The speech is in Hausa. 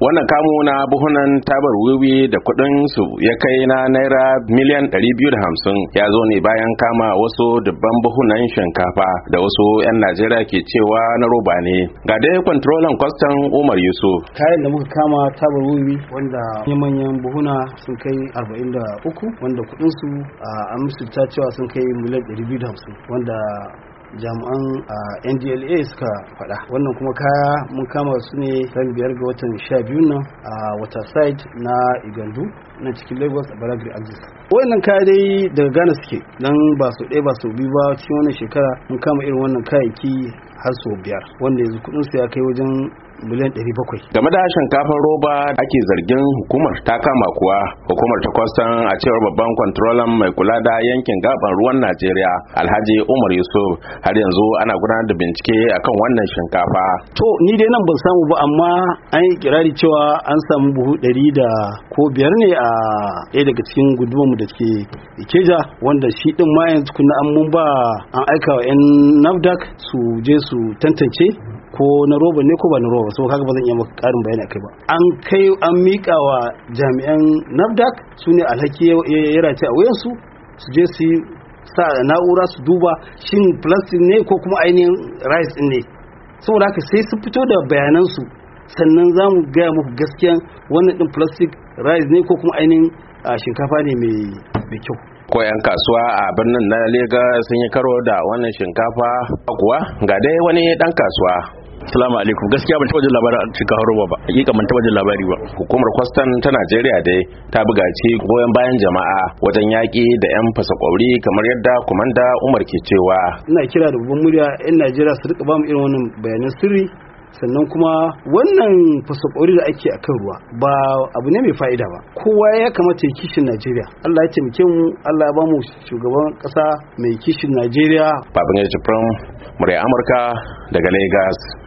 wannan kamo na buhunan tabar wiwi da kudin su ya kai na naira miliyan 250 ya zo ne bayan kama wasu dubban buhunan shinkafa da wasu 'yan najeriya ke cewa na roba ne ga dai kwantrolan kwastan umar yusuf kayan da muka kama tabar wiwi wanda manyan buhuna sun kai 43 wanda kudin su a amsu ta cewa sun kai miliyan 250 wanda jami'an ndla suka faɗa wannan kuma kaya mun kama su ne kan biyar ga watan sha biyu nan a waterside na igandu na cikin lagos a baragri axis wannan kaya dai daga ghana suke nan ba su ɗaya ba su biyu ba cikin wannan shekara mun kama irin wannan kayayyaki har sau biyar wanda yanzu kuɗin su ya kai wajen miliyan 700 game da shinkafar roba ake zargin hukumar ta kama kuwa hukumar ta kwastan a cewar babban kwantrolan mai kula da yankin gaban ruwan najeriya alhaji umar yusuf har yanzu ana gudanar da bincike akan wannan shinkafa to ni dai nan ban samu ba amma an yi kirari cewa an samu buhu 100 da ko biyar ne a ɗaya daga cikin gudunmu da ke ikeja wanda shi din ma yanzu kuna an mun ba an aika wa 'yan nafdak su je su tantance ko na roba ne ko ba na roba so kaga ba zan iya maka karin bayani akai ba an kai an mika wa jami'an nafdak su ne alhaki ya race a wayansu su je su sa na'ura su duba shin plastic ne ko kuma ainihin rice ne saboda haka sai su fito da bayanansu sannan za mu gaya muku gaskiyan wannan din plastic rice ne ko kuma ainihin shinkafa ne mai kyau ko 'yan kasuwa a birnin na lega sun yi karo da wannan shinkafa kuwa ga dai wani dan kasuwa salamu alaikum. Gaskiya ban taba jin labarin cikin haruwa ba. Hakika ban taba jin labari ba. Hukumar kwastan ta Najeriya dai ta buga ci goyon bayan jama'a wajen yaƙi da 'yan fasa kamar yadda kumanda Umar ke cewa. Ina kira da babban murya 'yan Najeriya su rika ba mu irin wannan bayanan sirri sannan kuma wannan fasakori da ake akan kan ruwa ba abu ne mai fa'ida ba kowa ya kamata ya kishin najeriya allah ya taimake mu allah ya bamu shugaban kasa mai kishin najeriya babin ya murya amurka daga lagos